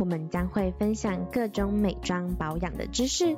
我們將會分享各種美妝保養的知識，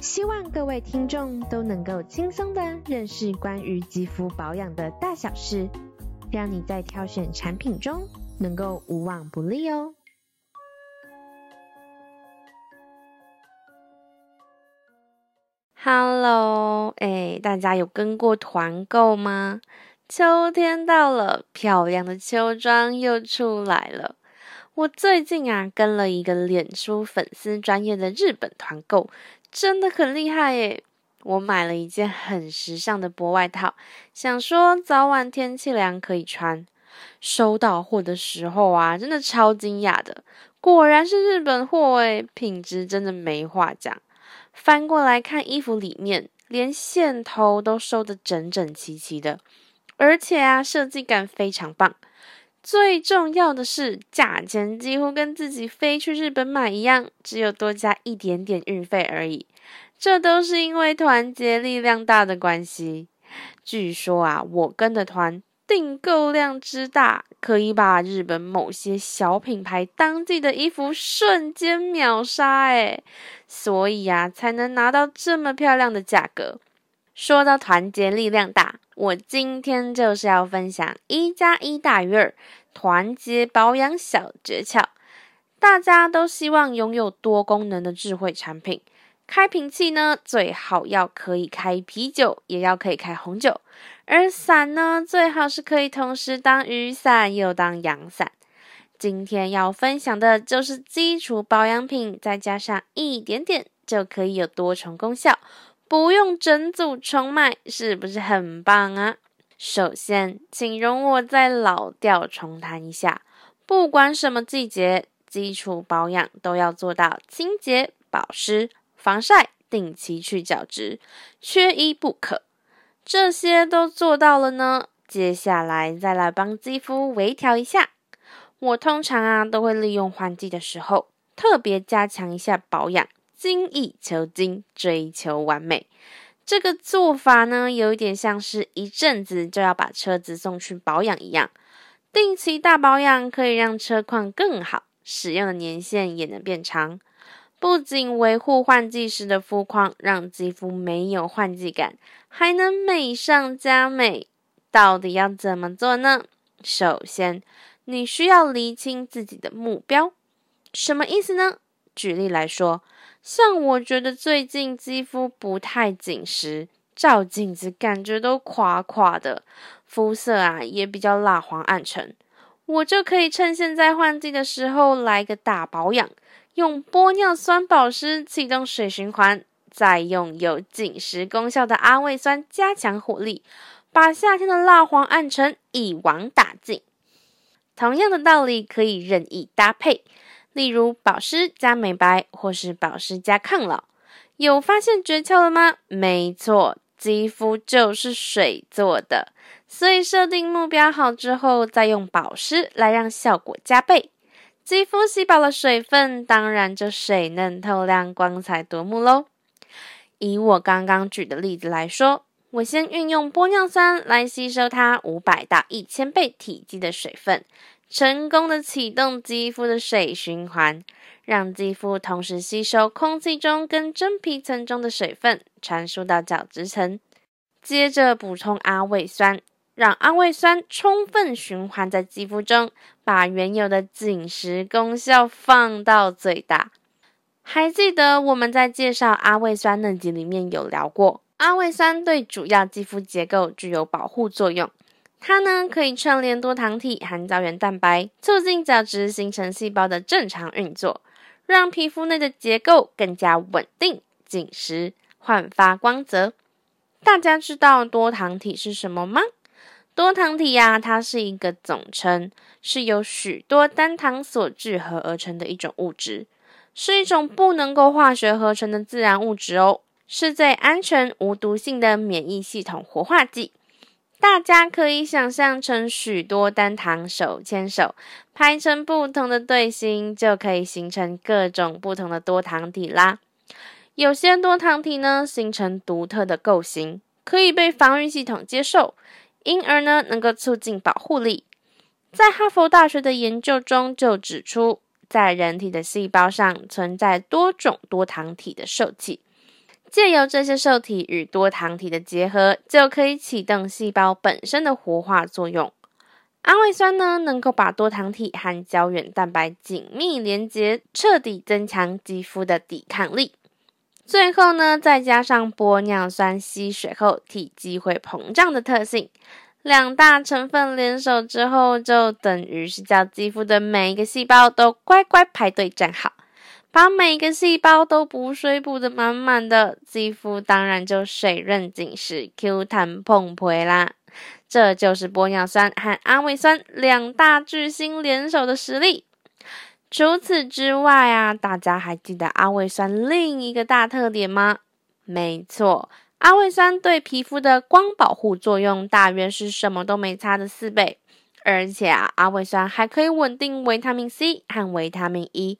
希望各位聽眾都能夠輕鬆地認識關於肌膚保養的大小事，讓你在挑選產品中能夠無往不利哦。Hello，誒，大家有跟過團購嗎？秋天到了，漂亮的秋裝又出來了。我最近啊，跟了一個臉書粉絲專頁的日本團購，真的很厲害耶！我買了一件很時尚的薄外套，想說早晚天氣涼可以穿。收到貨的時候啊，真的超驚訝的，果然是日本貨耶，品質真的沒話講。翻過來看衣服裡面，連線頭都收得整整齊齊的，而且啊，設計感非常棒。最重要的是，價錢幾乎跟自己飛去日本買一樣，只有多加一點點運費而已。這都是因為團結力量大的關係。據說啊，我跟的團訂購量之大，可以把日本某些小品牌當季的衣服瞬間秒殺！欸，哎，所以啊，才能拿到這麼漂亮的價格。說到團結力量大。我今天就是要分享一加一大於二，團結保養小訣竅。大家都希望擁有多功能的智慧產品，開瓶器呢最好要可以開啤酒，也要可以開紅酒；而傘呢最好是可以同時當雨傘又當陽傘。今天要分享的就是基礎保養品，再加上一點點就可以有多重功效。不用整組重買，是不是很棒啊？首先，請容我再老調重彈一下，不管什麼季節，基礎保養都要做到清潔、保濕、防曬，定期去角質，缺一不可。這些都做到了呢，接下來再來幫肌膚微調一下。我通常啊，都會利用換季的時候，特別加強一下保養。精益求精，追求完美，這個做法呢，有一點像是一陣子就要把車子送去保養一樣。定期大保養可以讓車況更好，使用的年限也能變長。不僅維護換季時的膚況，讓肌膚沒有換季感，還能美上加美。到底要怎麼做呢？首先，你需要釐清自己的目標。什麼意思呢？舉例來說，像我覺得最近肌膚不太緊實，照鏡子感覺都垮垮的，膚色啊也比較蠟黃暗沉，我就可以趁現在換季的時候來個大保養，用玻尿酸保濕、啟動水循環，再用有緊實功效的阿魏酸加強護理，把夏天的蠟黃暗沉一網打盡。同樣的道理，可以任意搭配。例如保濕加美白，或是保濕加抗老，有發現訣竅了嗎？沒錯，肌膚就是水做的，所以設定目標好之後，再用保濕來讓效果加倍。肌膚吸飽了水分，當然就水嫩透亮、光彩奪目嘍。以我剛剛舉的例子來說，我先運用玻尿酸來吸收它五百到一千倍體積的水分。成功的啟動肌膚的水循環，讓肌膚同時吸收空氣中跟真皮層中的水分，傳輸到角質層，接着補充阿魏酸，讓阿魏酸充分循環在肌膚中，把原有的緊實功效放到最大。還記得我們在介紹阿魏酸那集裡面有聊過，阿魏酸對主要肌膚結構具有保護作用。它呢，可以串聯多糖體含膠原蛋白，促進角質形成細胞的正常運作，讓皮膚內的結構更加穩定、緊實、煥發光澤。大家知道多糖體是什麼嗎？多糖體呀、啊，它是一個總稱，是由許多單糖所聚合而成的一種物質，是一種不能夠化學合成的自然物質哦，是最安全、無毒性的免疫系統活化劑。大家可以想象成許多單糖手牽手，排成不同的隊形，就可以形成各種不同的多糖體啦。有些多糖體呢，形成獨特的構型，可以被防禦系統接受，因而呢，能夠促進保護力。在哈佛大學的研究中就指出，在人體的細胞上存在多種多糖體的受體。借由這些受體與多糖體的結合，就可以啟動細胞本身的活化作用。氨基酸呢，能夠把多醣體和膠原蛋白緊密連接，徹底增強肌膚的抵抗力。最後呢，再加上玻尿酸吸水後體積會膨脹的特性，兩大成分聯手之後，就等於是叫肌膚的每一個細胞都乖乖排隊站好。把每個細胞都補水補得滿滿的，肌膚當然就水潤緊實、Q 彈嘭嘭啦！這就是玻尿酸和阿魏酸兩大巨星聯手的實力。除此之外啊，大家還記得阿魏酸另一個大特點嗎？沒錯，阿魏酸對皮膚的光保護作用大約是什麼都沒擦的四倍，而且啊，阿魏酸還可以穩定維他命 C 和維他命 E。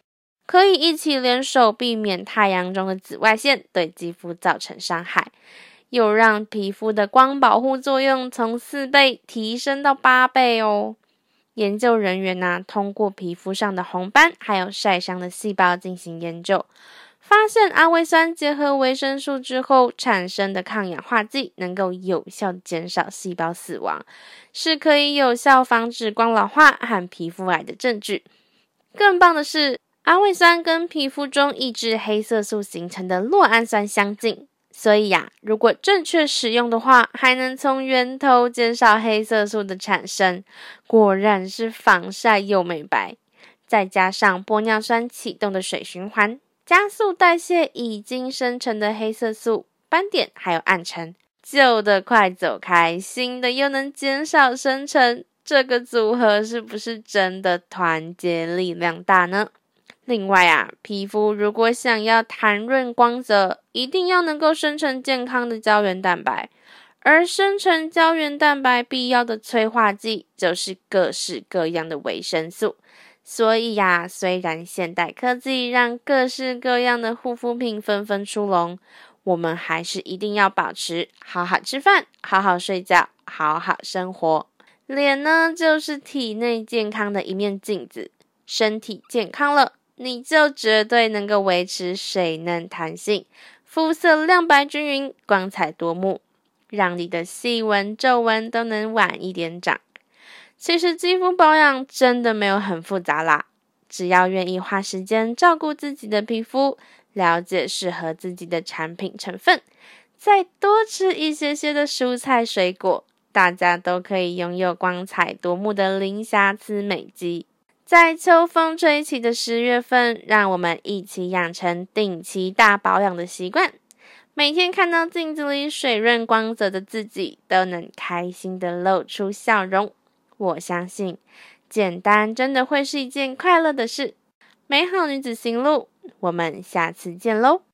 可以一起聯手，避免太陽中的紫外線對肌膚造成傷害，又讓皮膚的光保護作用從四倍提升到八倍哦。研究人員呢、啊，通過皮膚上的紅斑還有曬傷的細胞進行研究，發現阿魏酸結合維生素之後產生的抗氧化劑能夠有效減少細胞死亡，是可以有效防止光老化和皮膚癌的證據。更棒的是，阿魏酸跟皮膚中抑制黑色素形成的酪氨酸相近，所以呀、啊，如果正確使用的話，還能從源頭減少黑色素的產生。果然是防曬又美白，再加上玻尿酸啟動的水循環，加速代謝已經生成的黑色素斑點，還有暗沉，舊的快走開，新的又能減少生成。這個組合是不是真的團結力量大呢？另外啊，皮膚如果想要彈潤光澤，一定要能夠生成健康的膠原蛋白，而生成膠原蛋白必要的催化劑就是各式各樣的維生素。所以呀，雖然現代科技讓各式各樣的護膚品紛紛出籠，我們還是一定要保持好好吃飯、好好睡覺、好好生活。臉呢，就是體內健康的一面鏡子，身體健康了，你就絕對能夠維持水嫩彈性，膚色亮白均勻，光彩奪目，讓你的細紋皺紋都能晚一點長。其實肌膚保養真的沒有很複雜啦，只要願意花時間照顧自己的皮膚，了解適合自己的產品成分，再多吃一些些的蔬菜水果，大家都可以擁有光彩奪目的零瑕疵美肌。在秋風吹起的十月份，讓我們一起養成定期大保養的習慣。每天看到鏡子裡水潤光澤的自己，都能開心地露出笑容。我相信，簡單真的會是一件快樂的事。美好女子行路，我們下次見嘍！